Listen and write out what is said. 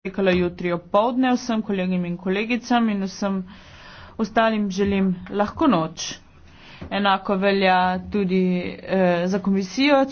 potekala jutri opoldne. Vsem kolegim in kolegicam in vsem ostalim želim lahko noč. Enako velja tudi eh, za komisijo.